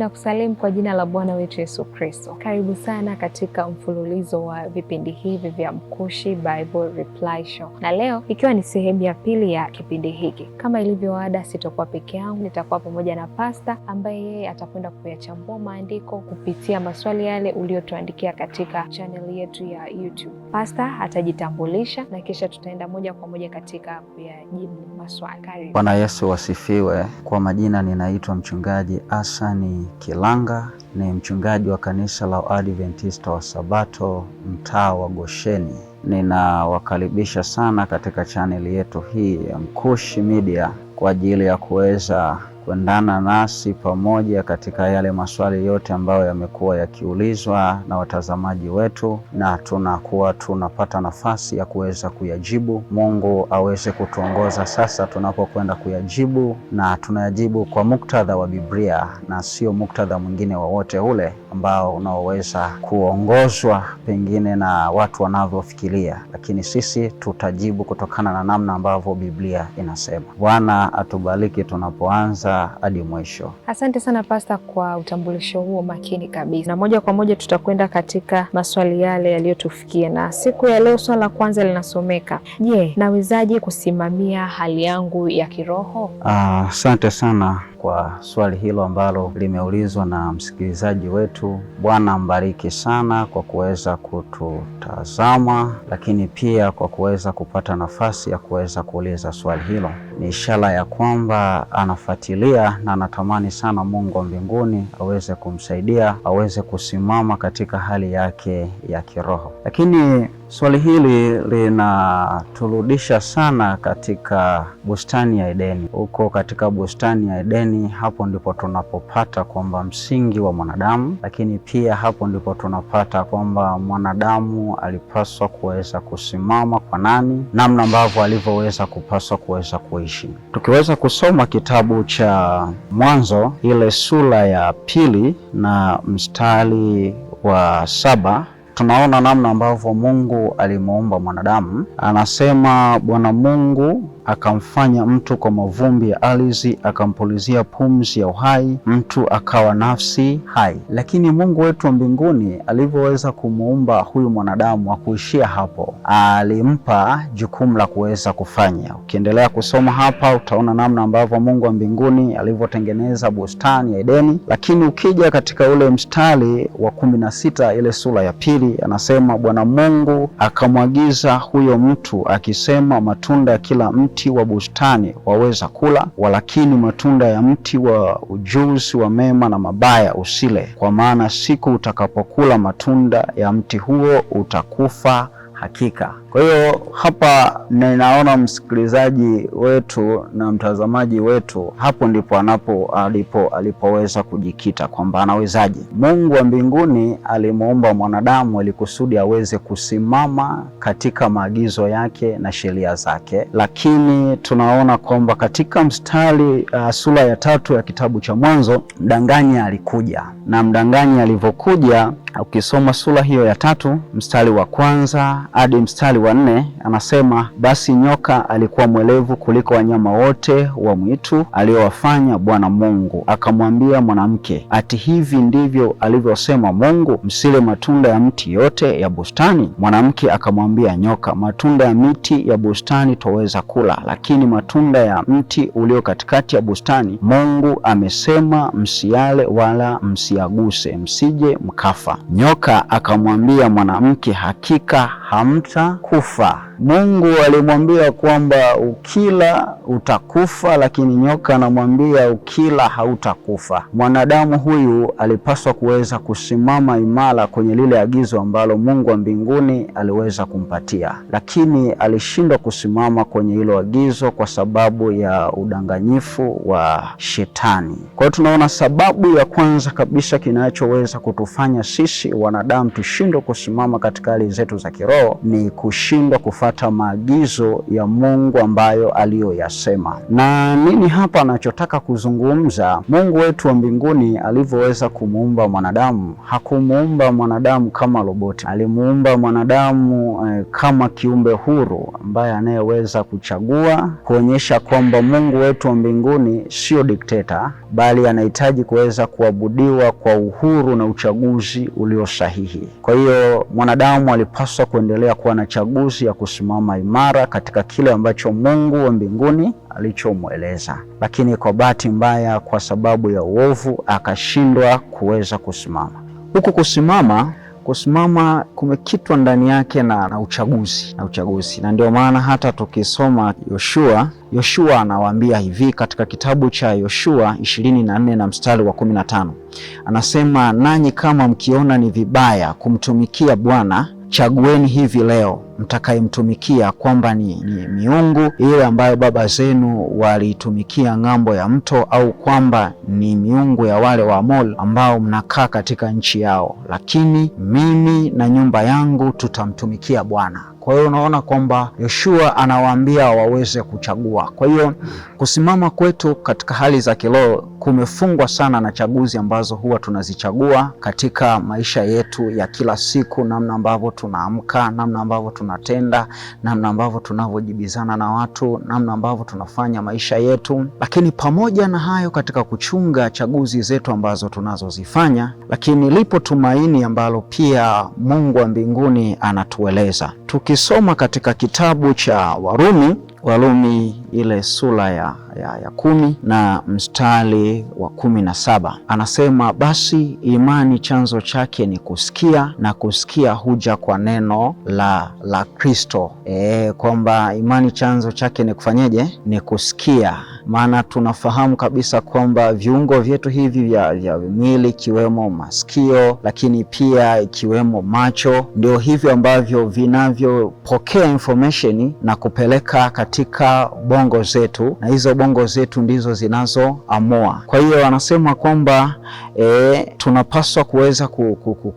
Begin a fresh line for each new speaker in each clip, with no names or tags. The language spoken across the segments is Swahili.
Ninakusalimu kwa jina la Bwana wetu Yesu Kristo. Karibu sana katika mfululizo wa vipindi hivi vya Mkushi Bible Reply Show, na leo ikiwa ni sehemu ya pili ya kipindi hiki. Kama ilivyo ada, sitokuwa peke yangu, nitakuwa pamoja na Pasta ambaye yeye atakwenda kuyachambua maandiko kupitia maswali yale uliyotuandikia katika chaneli yetu ya YouTube. Pasta atajitambulisha na kisha tutaenda moja kwa moja katika kuyajibu maswali. Bwana Yesu wasifiwe. Kwa majina ninaitwa Mchungaji Asani Kilanga ni mchungaji wa kanisa la Waadventista wa Sabato mtaa wa Gosheni. Ninawakaribisha sana katika chaneli yetu hii ya Mkushi Media kwa ajili ya kuweza kuendana nasi pamoja katika yale maswali yote ambayo yamekuwa yakiulizwa na watazamaji wetu, na tunakuwa tunapata nafasi ya kuweza kuyajibu. Mungu aweze kutuongoza sasa tunapokwenda kuyajibu, na tunayajibu kwa muktadha wa Biblia na sio muktadha mwingine wowote ule ambao unaoweza kuongozwa pengine na watu wanavyofikiria, lakini sisi tutajibu kutokana na namna ambavyo Biblia inasema. Bwana atubariki tunapoanza hadi mwisho.
Asante sana Pasta kwa utambulisho huo makini kabisa, na moja kwa moja tutakwenda katika maswali yale yaliyotufikia, na siku ya leo swala la kwanza linasomeka: Je, nawezaje kusimamia hali yangu ya kiroho?
Ah, asante sana kwa swali hilo ambalo limeulizwa na msikilizaji wetu yetu. Bwana mbariki sana kwa kuweza kututazama, lakini pia kwa kuweza kupata nafasi ya kuweza kuuliza swali hilo. Ni ishara ya kwamba anafuatilia na anatamani sana Mungu wa mbinguni aweze kumsaidia, aweze kusimama katika hali yake ya kiroho, lakini Swali hili linaturudisha sana katika bustani ya Edeni. Huko katika bustani ya Edeni, hapo ndipo tunapopata kwamba msingi wa mwanadamu, lakini pia hapo ndipo tunapata kwamba mwanadamu alipaswa kuweza kusimama kwa nani, namna ambavyo alivyoweza kupaswa kuweza kuishi. Tukiweza kusoma kitabu cha Mwanzo ile sura ya pili na mstari wa saba tunaona namna ambavyo Mungu alimuumba mwanadamu. Anasema Bwana Mungu akamfanya mtu kwa mavumbi ya ardhi, akampulizia pumzi ya uhai, mtu akawa nafsi hai. Lakini Mungu wetu wa mbinguni alivyoweza kumuumba huyu mwanadamu, kuishia hapo, alimpa jukumu la kuweza kufanya. Ukiendelea kusoma hapa, utaona namna ambavyo Mungu wa mbinguni alivyotengeneza bustani ya Edeni. Lakini ukija katika ule mstari wa kumi na sita ile sura ya pili, anasema Bwana Mungu akamwagiza huyo mtu akisema, matunda ya kila mtu mti wa bustani waweza kula, walakini matunda ya mti wa ujuzi wa mema na mabaya usile, kwa maana siku utakapokula matunda ya mti huo utakufa hakika. Kwa hiyo hapa ninaona msikilizaji wetu na mtazamaji wetu, hapo ndipo anapo alipo alipoweza kujikita kwamba anawezaje. Mungu wa mbinguni alimuumba mwanadamu ili kusudi aweze kusimama katika maagizo yake na sheria zake, lakini tunaona kwamba katika mstari uh, sura ya tatu ya kitabu cha Mwanzo mdanganyi alikuja, na mdanganyi alivyokuja, ukisoma sura hiyo ya tatu mstari wa kwanza hadi mstari wa nne anasema, basi nyoka alikuwa mwelevu kuliko wanyama wote wa mwitu aliowafanya Bwana Mungu, akamwambia mwanamke, ati hivi ndivyo alivyosema Mungu, msile matunda ya mti yote ya bustani? Mwanamke akamwambia nyoka, matunda ya miti ya bustani twaweza kula, lakini matunda ya mti ulio katikati ya bustani Mungu amesema, msiale wala msiaguse, msije mkafa. Nyoka akamwambia mwanamke, hakika hamta kufa Mungu alimwambia kwamba ukila utakufa, lakini nyoka anamwambia ukila hautakufa. Mwanadamu huyu alipaswa kuweza kusimama imara kwenye lile agizo ambalo Mungu wa mbinguni aliweza kumpatia, lakini alishindwa kusimama kwenye hilo agizo kwa sababu ya udanganyifu wa shetani. Kwa hiyo tunaona sababu ya kwanza kabisa kinachoweza kutufanya sisi wanadamu tushindwe kusimama katika hali zetu za kiroho ni kushindwa kufanya kufuata maagizo ya Mungu ambayo aliyoyasema. Na nini hapa anachotaka kuzungumza? Mungu wetu wa mbinguni alivyoweza kumuumba mwanadamu, hakumuumba mwanadamu kama roboti. Alimuumba mwanadamu eh, kama kiumbe huru ambaye anayeweza kuchagua, kuonyesha kwamba Mungu wetu wa mbinguni sio dikteta, bali anahitaji kuweza kuabudiwa kwa uhuru na uchaguzi ulio sahihi. Kwa hiyo mwanadamu alipaswa kuendelea kuwa na chaguzi ya kus kusimama imara katika kile ambacho Mungu wa mbinguni alichomweleza, lakini kwa bahati mbaya, kwa sababu ya uovu, akashindwa kuweza kusimama. Huku kusimama kusimama kumekitwa ndani yake na, na uchaguzi na uchaguzi, na ndio maana hata tukisoma Yoshua, Yoshua anawaambia hivi katika kitabu cha Yoshua ishirini na nne na mstari wa kumi na tano anasema, nanyi kama mkiona ni vibaya kumtumikia Bwana, chagueni hivi leo mtakayemtumikia kwamba ni, ni miungu ile ambayo baba zenu waliitumikia ng'ambo ya mto, au kwamba ni miungu ya wale wa Amori ambao mnakaa katika nchi yao, lakini mimi na nyumba yangu tutamtumikia Bwana. Kwa hiyo unaona kwamba Yoshua anawaambia waweze kuchagua. Kwa hiyo kusimama kwetu katika hali za kiroho kumefungwa sana na chaguzi ambazo huwa tunazichagua katika maisha yetu ya kila siku, namna ambavyo tunaamka, namna ambavyo tuna tunatenda, namna ambavyo tunavyojibizana na watu, namna ambavyo tunafanya maisha yetu. Lakini pamoja na hayo, katika kuchunga chaguzi zetu ambazo tunazozifanya, lakini lipo tumaini ambalo pia Mungu wa mbinguni anatueleza. Tukisoma katika kitabu cha Warumi, Warumi ile sura ya, ya, ya kumi na mstari wa kumi na saba anasema, basi imani chanzo chake ni kusikia na kusikia huja kwa neno la la Kristo. E, kwamba imani chanzo chake ni kufanyeje? Ni kusikia. Maana tunafahamu kabisa kwamba viungo vyetu hivi vya, vya mwili ikiwemo masikio, lakini pia ikiwemo macho, ndio hivyo ambavyo vinavyopokea information na kupeleka katika bon bongo zetu, na hizo bongo zetu ndizo zinazoamua. Kwa hiyo anasema kwamba e, tunapaswa kuweza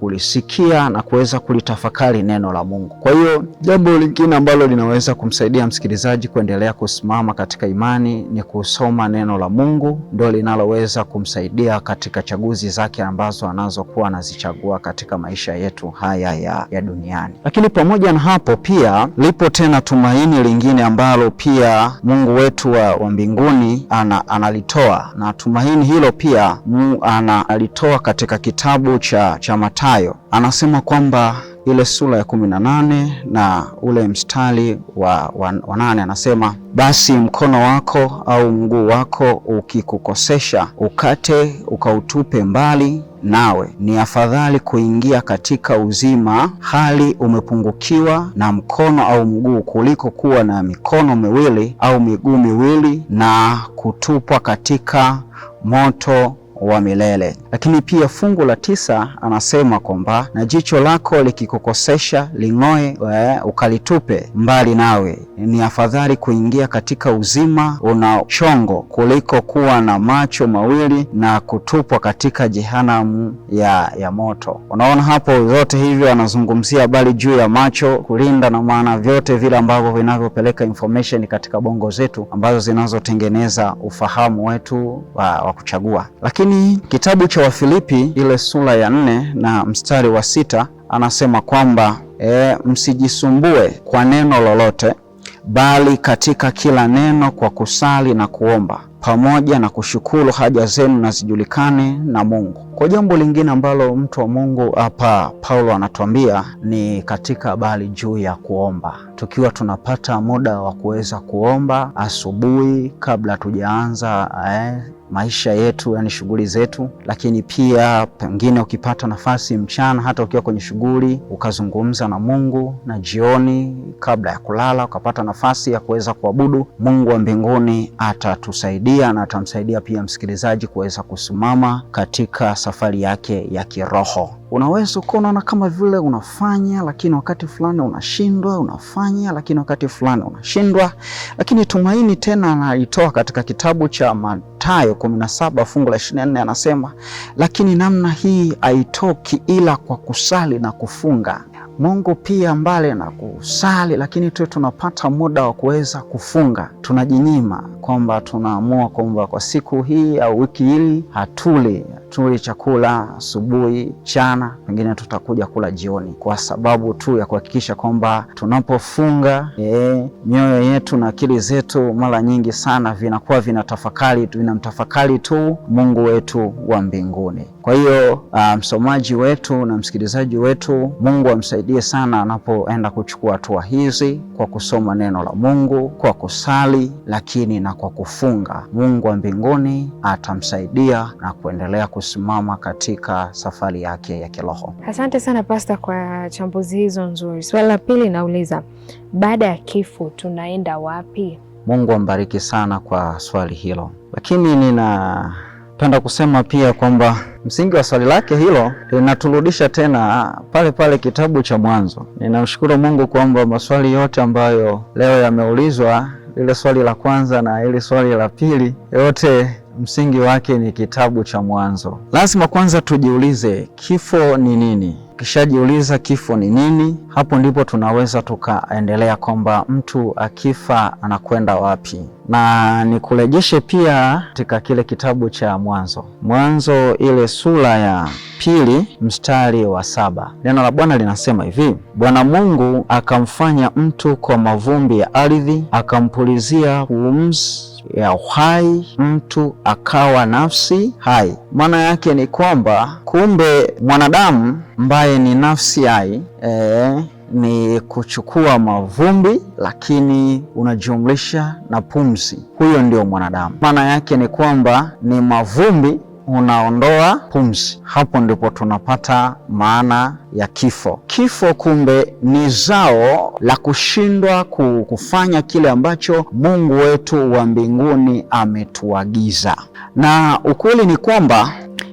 kulisikia na kuweza kulitafakari neno la Mungu. Kwa hiyo jambo lingine ambalo linaweza kumsaidia msikilizaji kuendelea kusimama katika imani ni kusoma neno la Mungu, ndo linaloweza kumsaidia katika chaguzi zake ambazo anazokuwa anazichagua katika maisha yetu haya ya, ya duniani. Lakini pamoja na hapo pia lipo tena tumaini lingine ambalo pia Mungu wetu wa, wa mbinguni ana, analitoa na tumaini hilo pia Mungu analitoa katika kitabu cha, cha Mathayo. Anasema kwamba ile sura ya kumi na nane na ule mstari wa, wa, wa nane anasema basi mkono wako au mguu wako ukikukosesha ukate ukautupe mbali nawe ni afadhali kuingia katika uzima hali umepungukiwa na mkono au mguu kuliko kuwa na mikono miwili au miguu miwili na kutupwa katika moto wa milele. Lakini pia fungu la tisa anasema kwamba na jicho lako likikukosesha ling'oe, eh, ukalitupe mbali nawe. Ni afadhali kuingia katika uzima una chongo kuliko kuwa na macho mawili na kutupwa katika jehanamu ya, ya moto. Unaona hapo, vyote hivyo anazungumzia habari juu ya macho kulinda, na maana vyote vile ambavyo vinavyopeleka information katika bongo zetu ambazo zinazotengeneza ufahamu wetu wa, wa kuchagua lakini lakini kitabu cha Wafilipi ile sura ya nne na mstari wa sita anasema kwamba e, msijisumbue kwa neno lolote, bali katika kila neno kwa kusali na kuomba pamoja na kushukuru haja zenu na zijulikane na Mungu. Kwa jambo lingine ambalo mtu wa Mungu hapa Paulo anatuambia ni katika habari juu ya kuomba, tukiwa tunapata muda wa kuweza kuomba asubuhi kabla tujaanza eh, maisha yetu, yani shughuli zetu, lakini pia pengine ukipata nafasi mchana, hata ukiwa kwenye shughuli ukazungumza na Mungu, na jioni kabla ya kulala ukapata nafasi ya kuweza kuabudu Mungu wa mbinguni, atatusaidia na atamsaidia pia msikilizaji kuweza kusimama katika safari yake ya kiroho. Unaweza ukawa unaona kama vile unafanya, lakini wakati fulani unashindwa, unafanya, lakini wakati fulani unashindwa, lakini tumaini tena analitoa katika kitabu cha Mathayo 17 fungu la 24 anasema, lakini namna hii haitoki ila kwa kusali na kufunga. Mungu pia mbali na kusali, lakini tuwe tunapata muda wa kuweza kufunga. Tunajinyima kwamba tunaamua kwamba kwa siku hii au wiki hili hatuli tuli chakula asubuhi, mchana, pengine tutakuja kula jioni, kwa sababu tu ya kuhakikisha kwamba tunapofunga ee, mioyo yetu na akili zetu mara nyingi sana vinakuwa vinatafakari, vinamtafakari tu Mungu wetu wa mbinguni. Kwa hiyo uh, msomaji wetu na msikilizaji wetu, Mungu amsaidie sana anapoenda kuchukua hatua hizi, kwa kusoma neno la Mungu, kwa kusali, lakini na kwa kufunga. Mungu wa mbinguni atamsaidia na kuendelea kusimama katika safari yake ya kiroho.
Asante sana Pasta kwa chambuzi hizo nzuri. Swali la pili nauliza, baada ya kifo tunaenda wapi?
Mungu ambariki sana kwa swali hilo, lakini nina Napenda kusema pia kwamba msingi wa swali lake hilo linaturudisha tena pale pale kitabu cha Mwanzo. Ninamshukuru Mungu kwamba maswali yote ambayo leo yameulizwa, lile swali la kwanza na ile swali la pili, yote msingi wake ni kitabu cha Mwanzo. Lazima kwanza tujiulize kifo ni nini. Ukishajiuliza kifo ni nini, hapo ndipo tunaweza tukaendelea kwamba mtu akifa anakwenda wapi, na nikurejeshe pia katika kile kitabu cha Mwanzo, Mwanzo ile sura ya pili mstari wa saba neno la Bwana linasema hivi: Bwana Mungu akamfanya mtu kwa mavumbi ya ardhi, akampulizia pumzi ya uhai, mtu akawa nafsi hai. Maana yake ni kwamba kumbe mwanadamu ambaye ni nafsi hai e, ni kuchukua mavumbi lakini unajumlisha na pumzi, huyo ndio mwanadamu. Maana yake ni kwamba ni mavumbi unaondoa pumzi. Hapo ndipo tunapata maana ya kifo. Kifo kumbe ni zao la kushindwa kufanya kile ambacho Mungu wetu wa mbinguni ametuagiza, na ukweli ni kwamba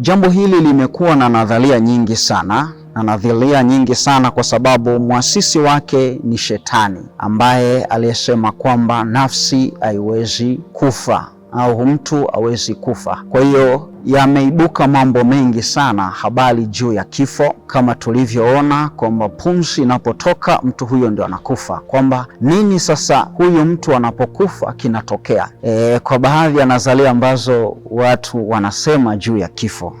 jambo hili limekuwa na nadharia nyingi sana na nadharia nyingi sana kwa sababu mwasisi wake ni Shetani ambaye aliyesema kwamba nafsi haiwezi kufa au mtu awezi kufa. Kwa hiyo yameibuka mambo mengi sana habari juu ya kifo, kama tulivyoona kwamba pumzi inapotoka mtu huyo ndio anakufa, kwamba nini sasa huyu mtu anapokufa kinatokea. E, kwa baadhi ya nadharia ambazo watu wanasema juu ya kifo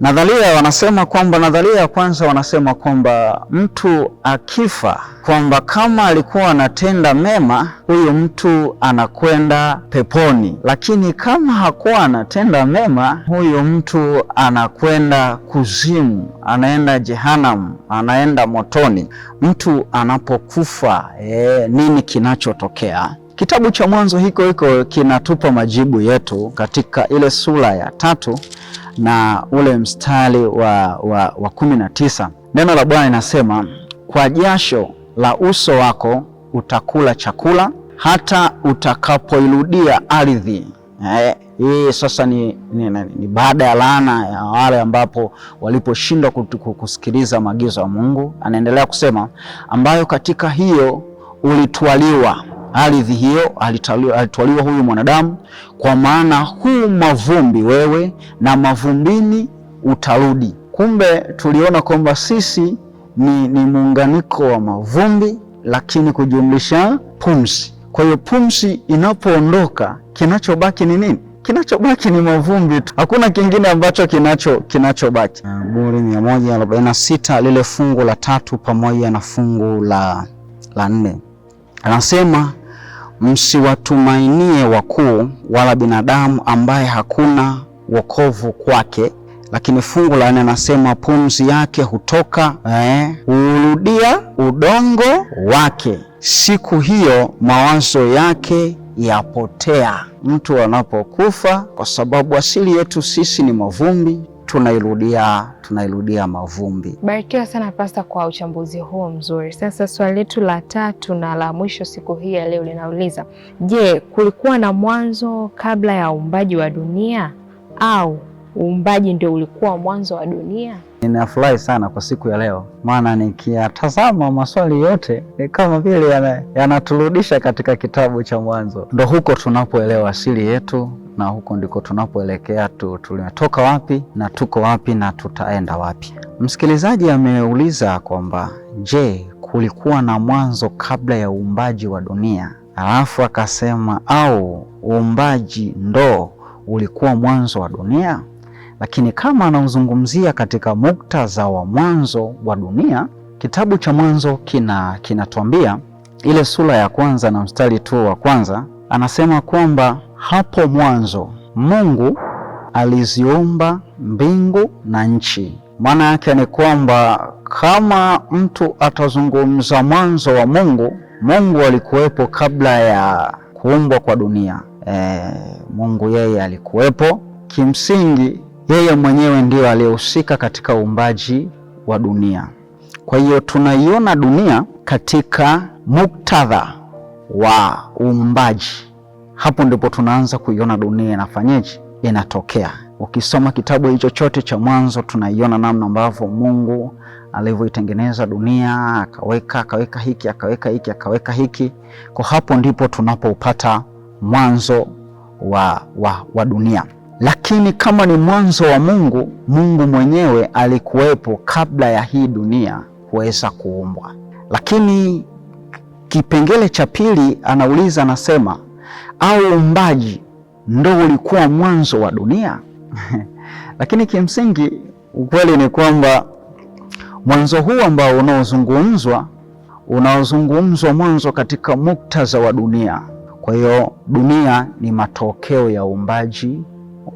Nadharia wanasema kwamba, nadharia ya kwanza wanasema kwamba mtu akifa, kwamba kama alikuwa anatenda mema, huyu mtu anakwenda peponi, lakini kama hakuwa anatenda mema, huyu mtu anakwenda kuzimu, anaenda jehanamu, anaenda motoni mtu anapokufa. E, nini kinachotokea? Kitabu cha Mwanzo hiko hiko kinatupa majibu yetu katika ile sura ya tatu na ule mstari wa, wa, wa kumi na tisa neno la Bwana linasema kwa jasho la uso wako utakula chakula hata utakapoirudia ardhi. Eh, hii eh, sasa ni, ni, ni, ni baada ya laana ya wale ambapo waliposhindwa kusikiliza maagizo ya Mungu. Anaendelea kusema ambayo katika hiyo ulitwaliwa ardhi hiyo alitwaliwa huyu mwanadamu, kwa maana huu mavumbi wewe, na mavumbini utarudi. Kumbe tuliona kwamba sisi ni, ni muunganiko wa mavumbi lakini kujumlisha pumzi. Kwa hiyo pumzi inapoondoka, kinachobaki ni nini? Kinachobaki ni mavumbi tu, hakuna kingine ambacho kinacho kinachobaki. Zaburi 146 lile fungu la tatu pamoja na fungu la la nne. Anasema msiwatumainie wakuu wala binadamu ambaye hakuna wokovu kwake. Lakini fungu la nne anasema pumzi yake hutoka eh, huurudia udongo wake, siku hiyo mawazo yake yapotea. Mtu anapokufa, kwa sababu asili yetu sisi ni mavumbi tunairudia tunairudia mavumbi.
Barikiwa sana Pasta kwa uchambuzi huo mzuri. Sasa swali letu la tatu na la mwisho siku hii ya leo linauliza, je, kulikuwa na mwanzo kabla ya uumbaji wa dunia au uumbaji ndio ulikuwa mwanzo wa dunia?
Ninafurahi sana kwa siku ya leo, maana nikiyatazama maswali yote ni kama vile yanaturudisha yana katika kitabu cha Mwanzo. Ndo huko tunapoelewa asili yetu na huko ndiko tunapoelekea tu, tulimetoka wapi na tuko wapi na tutaenda wapi. Msikilizaji ameuliza kwamba je, kulikuwa na mwanzo kabla ya uumbaji wa dunia? Alafu akasema au uumbaji ndo ulikuwa mwanzo wa dunia? Lakini kama anaozungumzia katika muktadha wa mwanzo wa dunia, kitabu cha Mwanzo kina kinatuambia ile sura ya kwanza na mstari tu wa kwanza, anasema kwamba hapo mwanzo Mungu aliziumba mbingu na nchi. Maana yake ni kwamba kama mtu atazungumza mwanzo wa Mungu, Mungu alikuwepo kabla ya kuumbwa kwa dunia. E, Mungu yeye alikuwepo. Kimsingi yeye mwenyewe ndiyo aliyehusika katika uumbaji wa dunia. Kwa hiyo tunaiona dunia katika muktadha wa uumbaji. Hapo ndipo tunaanza kuiona dunia inafanyeje, inatokea. Ukisoma kitabu hicho chote cha Mwanzo, tunaiona namna ambavyo Mungu alivyoitengeneza dunia, akaweka akaweka hiki akaweka hiki akaweka hiki. Kwa hapo ndipo tunapopata mwanzo wa, wa, wa dunia. Lakini kama ni mwanzo wa Mungu, Mungu mwenyewe alikuwepo kabla ya hii dunia kuweza kuumbwa. Lakini kipengele cha pili anauliza, anasema au uumbaji ndo ulikuwa mwanzo wa dunia? Lakini kimsingi ukweli ni kwamba mwanzo huu ambao unaozungumzwa unaozungumzwa mwanzo katika muktadha wa dunia. Kwa hiyo dunia ni matokeo ya uumbaji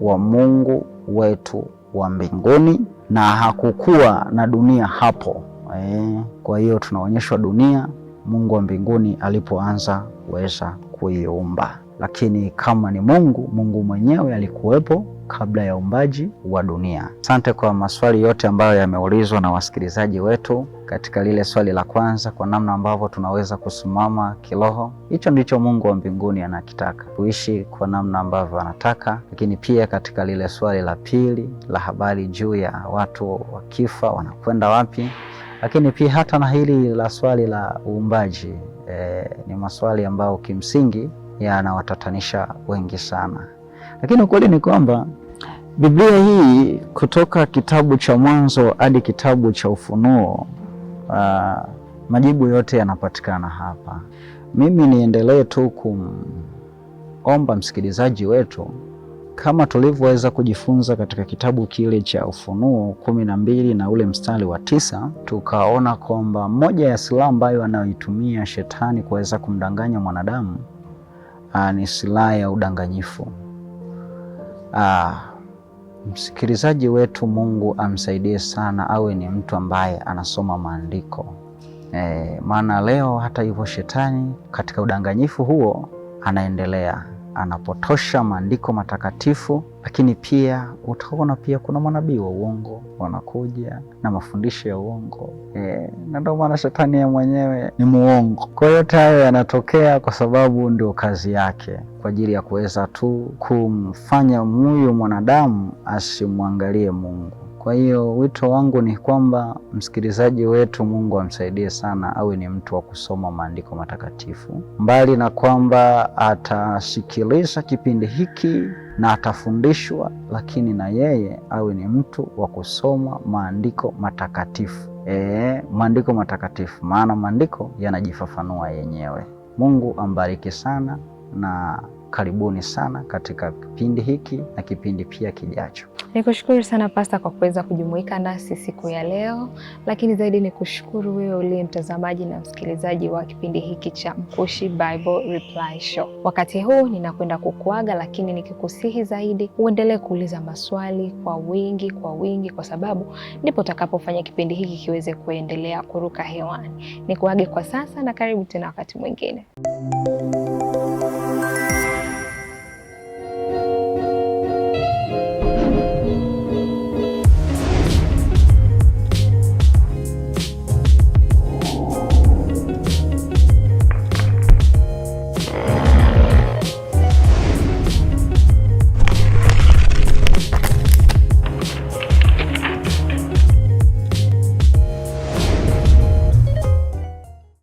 wa Mungu wetu wa mbinguni, na hakukuwa na dunia hapo e. Kwa hiyo tunaonyeshwa dunia Mungu wa mbinguni alipoanza kuweza kuiumba, lakini kama ni Mungu, Mungu mwenyewe alikuwepo kabla ya uumbaji wa dunia. Asante kwa maswali yote ambayo yameulizwa na wasikilizaji wetu katika lile swali la kwanza, kwa namna ambavyo tunaweza kusimama kiroho. Hicho ndicho Mungu wa mbinguni anakitaka, kuishi kwa namna ambavyo anataka. Lakini pia katika lile swali la pili la habari juu ya watu wakifa wanakwenda wapi, lakini pia hata na hili la swali la uumbaji e, ni maswali ambayo kimsingi yanawatatanisha wengi sana, lakini ukweli ni kwamba Biblia hii kutoka kitabu cha Mwanzo hadi kitabu cha Ufunuo uh, majibu yote yanapatikana hapa. Mimi niendelee tu kumomba msikilizaji wetu kama tulivyoweza kujifunza katika kitabu kile cha Ufunuo kumi na mbili na ule mstari wa tisa, tukaona kwamba moja ya silaha ambayo anayoitumia shetani kuweza kumdanganya mwanadamu ah, ni silaha ya udanganyifu. Aa, ah, msikilizaji wetu, Mungu amsaidie sana awe ni mtu ambaye anasoma maandiko e, maana leo hata hivyo shetani katika udanganyifu huo anaendelea anapotosha maandiko matakatifu, lakini pia utaona pia kuna manabii wa uongo wanakuja na mafundisho ya uongo e, na ndio maana shetani ya mwenyewe ni muongo. Kwa hiyo yote hayo yanatokea kwa sababu ndio kazi yake, kwa ajili ya kuweza tu kumfanya huyu mwanadamu asimwangalie Mungu. Kwa hiyo wito wangu ni kwamba msikilizaji wetu Mungu amsaidie sana awe ni mtu wa kusoma maandiko matakatifu, mbali na kwamba atashikilisha kipindi hiki na atafundishwa, lakini na yeye awe ni mtu wa kusoma maandiko matakatifu. E, maandiko matakatifu, maana maandiko yanajifafanua yenyewe. Mungu ambariki sana na Karibuni sana katika kipindi hiki na kipindi pia kijacho.
Nikushukuru sana Pasta kwa kuweza kujumuika nasi siku ya leo, lakini zaidi ni kushukuru wewe uliye mtazamaji na msikilizaji wa kipindi hiki cha Mkushi Bible Reply Show. Wakati huu ninakwenda kukuaga, lakini nikikusihi zaidi uendelee kuuliza maswali kwa wingi, kwa wingi, kwa sababu ndipo utakapofanya kipindi hiki kiweze kuendelea kuruka hewani. Nikuage kwa sasa na karibu tena wakati mwingine.